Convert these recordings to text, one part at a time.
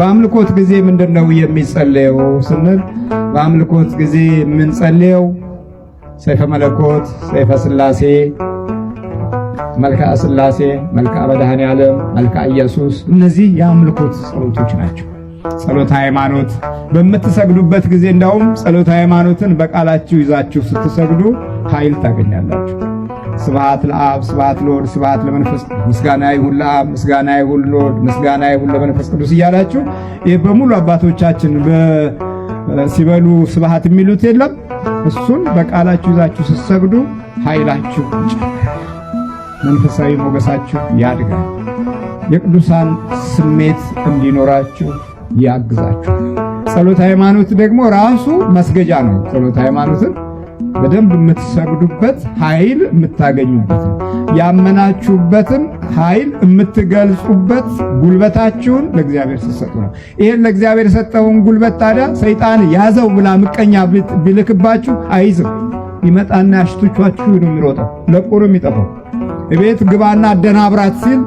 በአምልኮት ጊዜ ምንድን ነው የሚጸለየው ስንል በአምልኮት ጊዜ የምንጸልየው ሰይፈ መለኮት፣ ሰይፈ ስላሴ፣ መልክአ ስላሴ፣ መልክአ መድኃኔ ዓለም፣ መልክአ ኢየሱስ እነዚህ የአምልኮት ጸሎቶች ናቸው። ጸሎተ ሃይማኖት በምትሰግዱበት ጊዜ እንዳውም ጸሎተ ሃይማኖትን በቃላችሁ ይዛችሁ ስትሰግዱ ኃይል ታገኛላችሁ። ስብሐት ለአብ ስብሐት ለወልድ ስብሐት ለመንፈስ ምስጋና ይሁን ለአብ ምስጋና ይሁን ለወልድ ምስጋና ይሁን ለመንፈስ ቅዱስ እያላችሁ ይህ በሙሉ አባቶቻችን ሲበሉ ስብሐት የሚሉት የለም። እሱን በቃላችሁ ይዛችሁ ስትሰግዱ ኃይላችሁ መንፈሳዊ ሞገሳችሁ ያድጋል። የቅዱሳን ስሜት እንዲኖራችሁ ያግዛችሁ። ጸሎተ ሃይማኖት ደግሞ ራሱ መስገጃ ነው። ጸሎት ሃይማኖትን በደንብ የምትሰግዱበት ኃይል የምታገኙበት ያመናችሁበትም ኃይል የምትገልጹበት ጉልበታችሁን ለእግዚአብሔር ስትሰጡ ነው። ይህን ለእግዚአብሔር የሰጠውን ጉልበት ታዲያ ሰይጣን ያዘው ብላ ምቀኛ ቢልክባችሁ አይዝም። ይመጣና ያሽቶቻችሁ ነው የሚሮጠው፣ ለቁር የሚጠፋው እቤት ግባና አደናብራት ሲል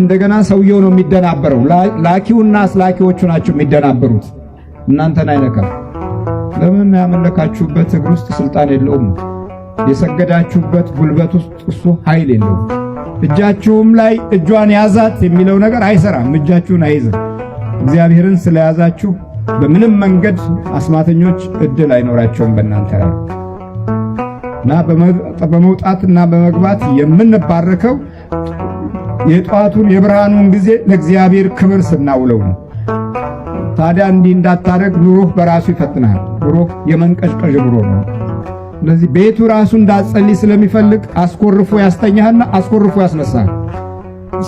እንደገና ሰውየው ነው የሚደናበረው። ላኪውና አስላኪዎቹ ናቸው የሚደናበሩት፣ እናንተን አይነካም። ለምን ያመለካችሁበት እግር ውስጥ ስልጣን የለውም። የሰገዳችሁበት ጉልበት ውስጥ እሱ ኃይል የለውም። እጃችሁም ላይ እጇን ያዛት የሚለው ነገር አይሰራም። እጃችሁን አይዝም። እግዚአብሔርን ስለያዛችሁ በምንም መንገድ አስማተኞች እድል አይኖራቸውም በእናንተ ላይ እና በመውጣትና በመግባት የምንባረከው የጠዋቱን የብርሃኑን ጊዜ ለእግዚአብሔር ክብር ስናውለው ነው። ታዲያ እንዲህ እንዳታረግ ኑሮህ በራሱ ይፈትናል። ኑሮህ የመንቀዥቀዥ ኑሮ ነው። ስለዚህ ቤቱ ራሱ እንዳትጸልይ ስለሚፈልግ አስኮርፎ ያስተኛህና አስኮርፎ ያስነሳል።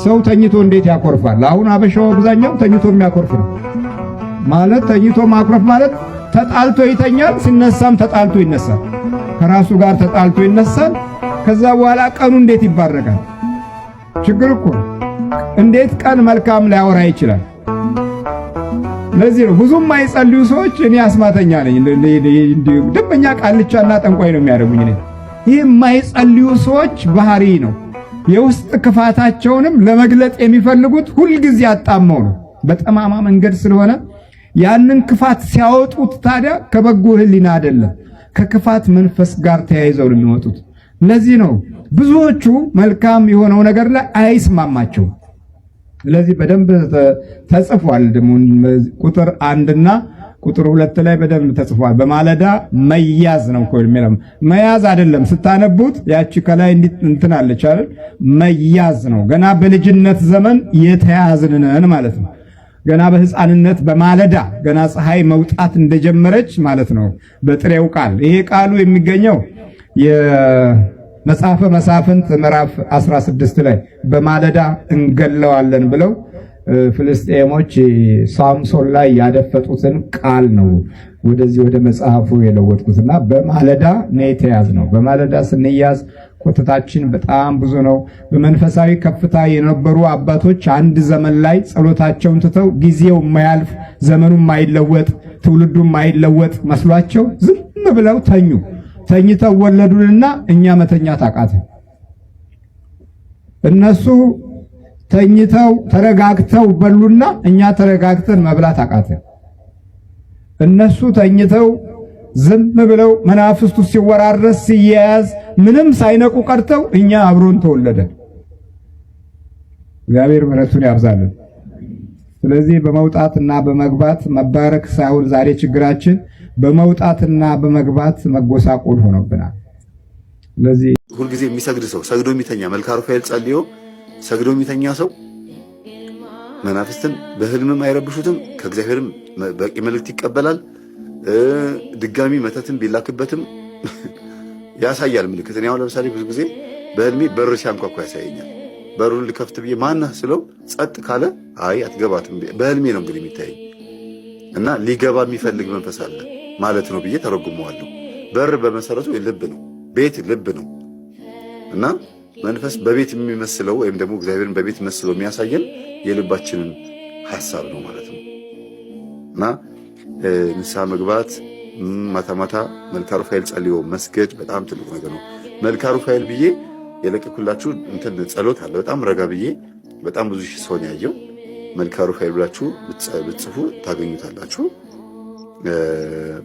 ሰው ተኝቶ እንዴት ያኮርፋል? አሁን አበሻው አብዛኛው ተኝቶ የሚያኮርፍ ነው ማለት። ተኝቶ ማኩረፍ ማለት ተጣልቶ ይተኛል፣ ሲነሳም ተጣልቶ ይነሳል። ከራሱ ጋር ተጣልቶ ይነሳል። ከዛ በኋላ ቀኑ እንዴት ይባረካል? ችግር እኮ እንዴት ቀን መልካም ሊያወራ ይችላል? ለዚህ ነው ብዙ የማይጸልዩ ሰዎች እኔ አስማተኛ ነኝ፣ ደንበኛ ቃልቻና ጠንቋይ ነው የሚያደርጉኝ። ይህ የማይጸልዩ ሰዎች ባህሪ ነው። የውስጥ ክፋታቸውንም ለመግለጥ የሚፈልጉት ሁልጊዜ አጣመው ነው፣ በጠማማ መንገድ ስለሆነ ያንን ክፋት ሲያወጡት ታዲያ ከበጎ ሕሊና አይደለም ከክፋት መንፈስ ጋር ተያይዘው ነው የሚወጡት። ለዚህ ነው ብዙዎቹ መልካም የሆነው ነገር ላይ አይስማማቸውም። ስለዚህ በደንብ ተጽፏል። ደሞ ቁጥር አንድና ቁጥር ሁለት ላይ በደንብ ተጽፏል። በማለዳ መያዝ ነው እኮ የሚለው መያዝ አይደለም። ስታነቡት ያቺ ከላይ እንትን አለች አይደል? መያዝ ነው። ገና በልጅነት ዘመን የተያዝንን ማለት ነው። ገና በሕፃንነት በማለዳ ገና ፀሐይ መውጣት እንደጀመረች ማለት ነው። በጥሬው ቃል ይሄ ቃሉ የሚገኘው መጽሐፈ መሳፍንት ምዕራፍ 16 ላይ በማለዳ እንገለዋለን ብለው ፍልስጤሞች ሳምሶን ላይ ያደፈጡትን ቃል ነው ወደዚህ ወደ መጽሐፉ የለወጥኩትና በማለዳ ነው በማለዳ ስንያዝ ቁጥታችን በጣም ብዙ ነው። በመንፈሳዊ ከፍታ የነበሩ አባቶች አንድ ዘመን ላይ ጸሎታቸውን ትተው ጊዜው የማያልፍ ዘመኑ የማይለወጥ ትውልዱ የማይለወጥ መስሏቸው ዝም ብለው ተኙ። ተኝተው ወለዱንና እኛ መተኛት አቃተን። እነሱ ተኝተው ተረጋግተው በሉና እኛ ተረጋግተን መብላት አቃተን። እነሱ ተኝተው ዝም ብለው መናፍስቱ ሲወራረስ ሲያያዝ ምንም ሳይነቁ ቀርተው እኛ አብሮን ተወለደ እግዚአብሔር ምሕረቱን ያብዛልን። ስለዚህ በመውጣትና በመግባት መባረክ ሳይሆን ዛሬ ችግራችን በመውጣትና በመግባት መጎሳቆል ሆኖብናል። ስለዚህ ሁልጊዜ የሚሰግድ ሰው ሰግዶ የሚተኛ መልክአ ሩፋኤል ጸልዮ ሰግዶ የሚተኛ ሰው መናፍስትን በህልምም አይረብሹትም። ከእግዚአብሔርም በቂ መልእክት ይቀበላል። ድጋሚ መተትም ቢላክበትም ያሳያል ምልክት። እኔ አሁን ለምሳሌ ብዙ ጊዜ በህልሜ በር ሲያንኳኳ ያሳየኛል። በሩን ልከፍት ብዬ ማነህ ስለው ጸጥ ካለ አይ አትገባትም። በህልሜ ነው እንግዲህ የሚታየኝ እና ሊገባ የሚፈልግ መንፈስ አለ። ማለት ነው ብዬ ተረጉመዋለሁ። በር በመሰረቱ ልብ ነው፣ ቤት ልብ ነው እና መንፈስ በቤት የሚመስለው ወይም ደግሞ እግዚአብሔርን በቤት መስለው የሚያሳየን የልባችንን ሀሳብ ነው ማለት ነው እና ንስሐ መግባት ማታ ማታ መልካ ሩፋኤል ጸልዮ መስገድ በጣም ትልቁ ነገር ነው። መልካ ሩፋኤል ብዬ የለቀኩላችሁ እንትን ጸሎት አለ። በጣም ረጋ ብዬ በጣም ብዙ ሰውን ያየው መልካ ሩፋኤል ብላችሁ ብትጽፉ ታገኙታላችሁ።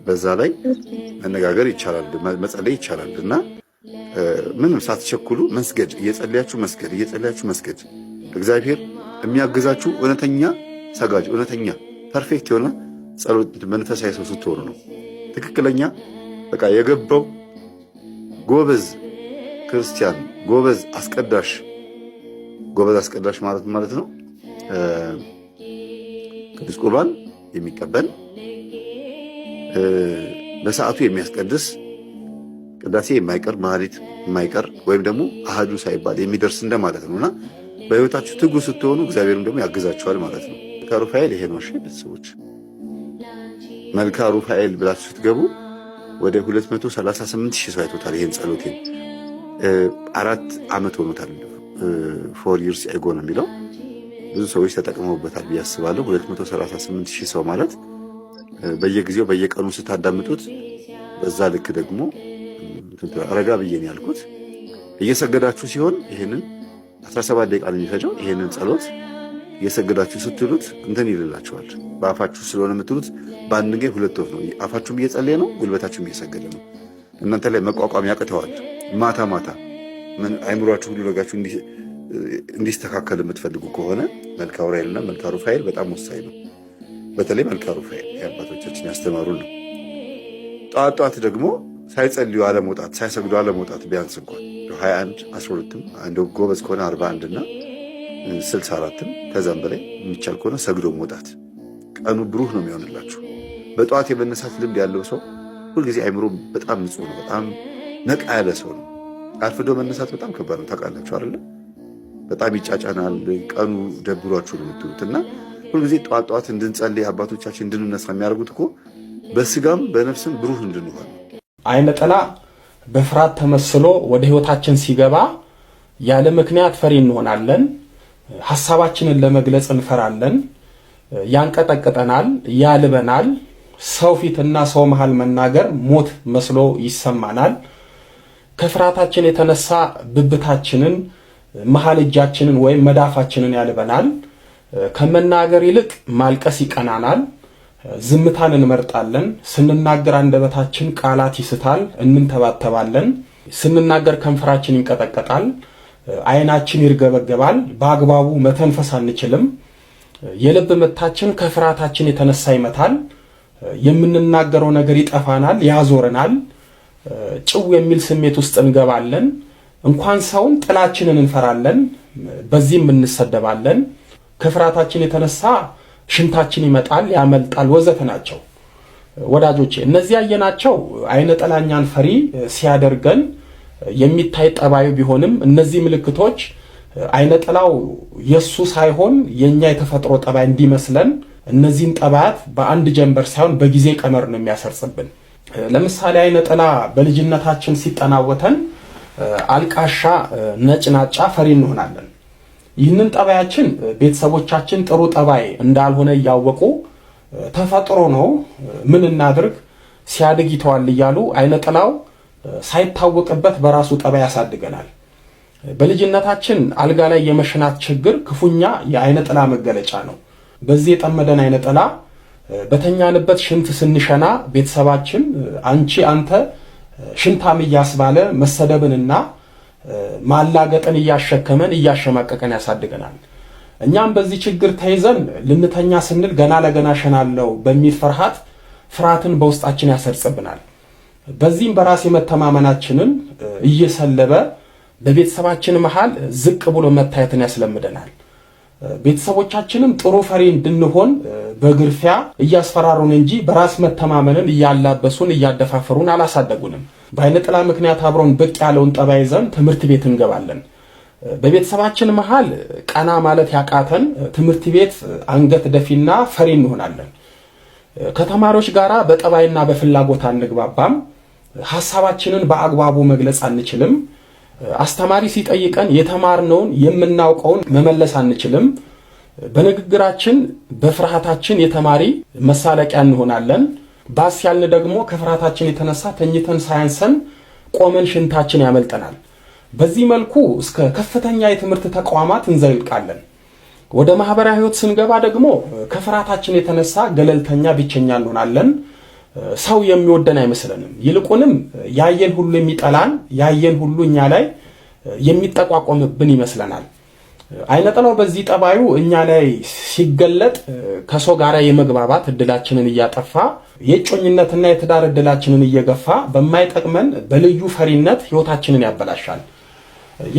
በዛ ላይ መነጋገር ይቻላል፣ መጸለይ ይቻላል እና ምንም ሳትቸኩሉ መስገድ እየጸለያችሁ መስገድ እየጸለያችሁ መስገድ። እግዚአብሔር የሚያግዛችሁ እውነተኛ ሰጋጅ፣ እውነተኛ ፐርፌክት የሆነ ጸሎት መንፈሳዊ ሰው ስትሆኑ ነው። ትክክለኛ በቃ የገባው ጎበዝ ክርስቲያን፣ ጎበዝ አስቀዳሽ። ጎበዝ አስቀዳሽ ማለት ማለት ነው ቅዱስ ቁርባን የሚቀበል በሰዓቱ የሚያስቀድስ ቅዳሴ የማይቀር ማህሌት የማይቀር ወይም ደግሞ አህዱ ሳይባል የሚደርስ እንደማለት ነው እና በህይወታችሁ ትጉ ስትሆኑ እግዚአብሔርም ደግሞ ያግዛችኋል ማለት ነው። መልካ ሩፋኤል ይሄ ነው። ቤተሰቦች መልካ ሩፋኤል ብላችሁ ስትገቡ ወደ 238 ሺህ ሰው አይቶታል። ይሄን ጸሎቴን አራት ዓመት ሆኖታል። ፎር ይርስ ኤጎ ነው የሚለው ብዙ ሰዎች ተጠቅመውበታል ብዬ አስባለሁ። 238 ሺህ ሰው ማለት በየጊዜው በየቀኑ ስታዳምጡት በዛ ልክ ደግሞ ረጋ ብዬን ያልኩት እየሰገዳችሁ ሲሆን ይህንን 17 ደቂቃ የሚፈጀው። ይህንን ጸሎት እየሰገዳችሁ ስትሉት እንትን ይልላችኋል። በአፋችሁ ስለሆነ የምትሉት በአንድ ጊዜ ሁለት ወፍ ነው። አፋችሁም እየጸለየ ነው፣ ጉልበታችሁም እየሰገደ ነው። እናንተ ላይ መቋቋም ያቅተዋል። ማታ ማታ አይምሯችሁ ሁሉ ነጋችሁ እንዲስተካከል የምትፈልጉ ከሆነ መልካ ዑራኤልና መልካ ሩፋኤል በጣም ወሳኝ ነው። በተለይ መልካ ሩፋኤል የአባቶቻችን ያስተማሩ ነው። ጠዋት ጠዋት ደግሞ ሳይጸልዩ አለመውጣት፣ ሳይሰግዱ አለመውጣት ቢያንስ እንኳን 21 12ም ጎበዝ ከሆነ 41 እና 64 ከዛም በላይ የሚቻል ከሆነ ሰግዶ መውጣት ቀኑ ብሩህ ነው የሚሆንላችሁ። በጠዋት የመነሳት ልምድ ያለው ሰው ሁልጊዜ አይምሮ በጣም ንጹህ ነው። በጣም ነቃ ያለ ሰው ነው። አርፍዶ መነሳት በጣም ከባድ ነው። ታውቃላችሁ አይደለ? በጣም ይጫጫናል። ቀኑ ደብሯችሁ ነው የምትሉት እና ሁልጊዜ ጠዋት ጠዋት እንድንጸልይ አባቶቻችን እንድንነሳ የሚያደርጉት እኮ በስጋም በነፍስም ብሩህ እንድንሆን። አይነ ጥላ በፍርሃት ተመስሎ ወደ ህይወታችን ሲገባ ያለ ምክንያት ፈሪ እንሆናለን። ሀሳባችንን ለመግለጽ እንፈራለን። ያንቀጠቅጠናል፣ ያልበናል። ሰው ፊትና ሰው መሃል መናገር ሞት መስሎ ይሰማናል። ከፍርሃታችን የተነሳ ብብታችንን መሃል እጃችንን ወይም መዳፋችንን ያልበናል። ከመናገር ይልቅ ማልቀስ ይቀናናል። ዝምታን እንመርጣለን። ስንናገር አንደበታችን ቃላት ይስታል፣ እንንተባተባለን። ስንናገር ከንፈራችን ይንቀጠቀጣል፣ ዓይናችን ይርገበገባል። በአግባቡ መተንፈስ አንችልም። የልብ ምታችን ከፍርሃታችን የተነሳ ይመታል። የምንናገረው ነገር ይጠፋናል፣ ያዞረናል። ጭው የሚል ስሜት ውስጥ እንገባለን። እንኳን ሰውን ጥላችንን እንፈራለን። በዚህም እንሰደባለን። ከፍርሃታችን የተነሳ ሽንታችን ይመጣል፣ ያመልጣል፣ ወዘተ ናቸው። ወዳጆቼ እነዚህ ያየናቸው አይነ ጠላኛን ፈሪ ሲያደርገን የሚታይ ጠባዩ ቢሆንም እነዚህ ምልክቶች አይነ ጠላው የእሱ ሳይሆን የእኛ የተፈጥሮ ጠባይ እንዲመስለን እነዚህን ጠባያት በአንድ ጀንበር ሳይሆን በጊዜ ቀመር ነው የሚያሰርጽብን። ለምሳሌ አይነ ጠላ በልጅነታችን ሲጠናወተን አልቃሻ፣ ነጭናጫ፣ ፈሪ እንሆናለን። ይህንን ጠባያችን ቤተሰቦቻችን ጥሩ ጠባይ እንዳልሆነ እያወቁ ተፈጥሮ ነው ምን እናድርግ ሲያድግ ይተዋል እያሉ አይነ ጥላው ሳይታወቅበት በራሱ ጠባይ ያሳድገናል። በልጅነታችን አልጋ ላይ የመሽናት ችግር ክፉኛ የአይነ ጥላ መገለጫ ነው። በዚህ የጠመደን አይነ ጥላ በተኛንበት ሽንት ስንሸና ቤተሰባችን አንቺ፣ አንተ ሽንታም እያስባለ መሰደብንና ማላገጥን እያሸከመን እያሸማቀቀን ያሳድገናል። እኛም በዚህ ችግር ተይዘን ልንተኛ ስንል ገና ለገና ሸናለው በሚል ፍርሃት ፍርሃትን በውስጣችን ያሰርጽብናል። በዚህም በራስ የመተማመናችንን እየሰለበ በቤተሰባችን መሃል ዝቅ ብሎ መታየትን ያስለምደናል። ቤተሰቦቻችንም ጥሩ ፈሪ እንድንሆን በግርፊያ እያስፈራሩን እንጂ በራስ መተማመንን እያላበሱን እያደፋፈሩን አላሳደጉንም። በአይነ ጥላ ምክንያት አብረውን ብቅ ያለውን ጠባይ ይዘን ትምህርት ቤት እንገባለን። በቤተሰባችን መሃል ቀና ማለት ያቃተን ትምህርት ቤት አንገት ደፊና ፈሪ እንሆናለን። ከተማሪዎች ጋር በጠባይና በፍላጎት አንግባባም። ሀሳባችንን በአግባቡ መግለጽ አንችልም። አስተማሪ ሲጠይቀን የተማርነውን የምናውቀውን መመለስ አንችልም። በንግግራችን በፍርሃታችን የተማሪ መሳለቂያ እንሆናለን። ባስ ያልን ደግሞ ከፍርሃታችን የተነሳ ተኝተን ሳያንሰን ቆመን ሽንታችን ያመልጠናል። በዚህ መልኩ እስከ ከፍተኛ የትምህርት ተቋማት እንዘልቃለን። ወደ ማህበራዊ ህይወት ስንገባ ደግሞ ከፍርሃታችን የተነሳ ገለልተኛ፣ ብቸኛ እንሆናለን። ሰው የሚወደን አይመስለንም። ይልቁንም ያየን ሁሉ የሚጠላን፣ ያየን ሁሉ እኛ ላይ የሚጠቋቆምብን ይመስለናል። አይነጥላው በዚህ ጠባዩ እኛ ላይ ሲገለጥ ከሰው ጋር የመግባባት እድላችንን እያጠፋ የእጮኝነትና የትዳር እድላችንን እየገፋ በማይጠቅመን በልዩ ፈሪነት ህይወታችንን ያበላሻል።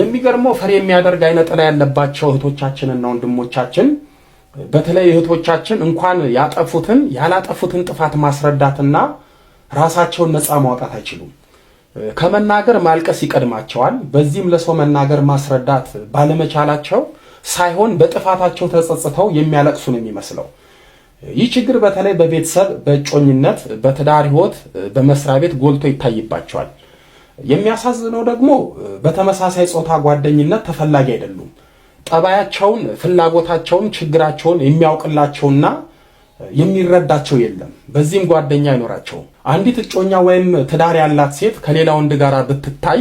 የሚገርመው ፈሪ የሚያደርግ አይነጥላ ያለባቸው እህቶቻችንና ወንድሞቻችን በተለይ እህቶቻችን እንኳን ያጠፉትን ያላጠፉትን ጥፋት ማስረዳትና ራሳቸውን ነፃ ማውጣት አይችሉም። ከመናገር ማልቀስ ይቀድማቸዋል። በዚህም ለሰው መናገር ማስረዳት ባለመቻላቸው ሳይሆን በጥፋታቸው ተጸጽተው የሚያለቅሱ ነው የሚመስለው። ይህ ችግር በተለይ በቤተሰብ፣ በእጮኝነት፣ በትዳር ህይወት፣ በመስሪያ ቤት ጎልቶ ይታይባቸዋል። የሚያሳዝነው ደግሞ በተመሳሳይ ጾታ ጓደኝነት ተፈላጊ አይደሉም። ጠባያቸውን፣ ፍላጎታቸውን፣ ችግራቸውን የሚያውቅላቸውና የሚረዳቸው የለም። በዚህም ጓደኛ አይኖራቸውም። አንዲት እጮኛ ወይም ትዳር ያላት ሴት ከሌላ ወንድ ጋር ብትታይ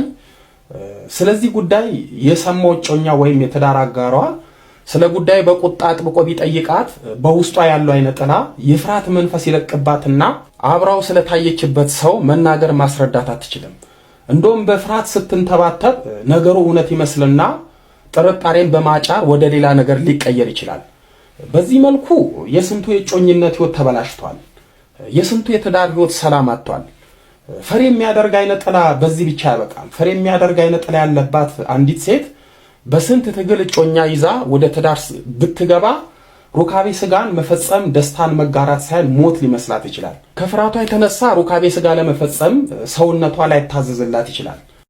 ስለዚህ ጉዳይ የሰማው እጮኛ ወይም የትዳር አጋሯ ስለ ጉዳይ በቁጣ አጥብቆ ቢጠይቃት በውስጧ ያለው አይነ ጥላ የፍርሃት መንፈስ ይለቅባትና አብራው ስለታየችበት ሰው መናገር ማስረዳት አትችልም። እንደውም በፍርሃት ስትንተባተብ ነገሩ እውነት ይመስልና ጥርጣሬን በማጫር ወደ ሌላ ነገር ሊቀየር ይችላል። በዚህ መልኩ የስንቱ የጮኝነት ህይወት ተበላሽቷል። የስንቱ የትዳር ህይወት ሰላም አጥቷል። ፈሪ የሚያደርግ አይነ ጥላ በዚህ ብቻ ያበቃል። ፈሪ የሚያደርግ አይነ ጥላ ያለባት አንዲት ሴት በስንት ትግል እጮኛ ይዛ ወደ ትዳር ብትገባ ሩካቤ ስጋን መፈጸም ደስታን መጋራት ሳይሆን ሞት ሊመስላት ይችላል። ከፍርሃቷ የተነሳ ሩካቤ ስጋ ለመፈጸም ሰውነቷ ላይታዘዝላት ይችላል።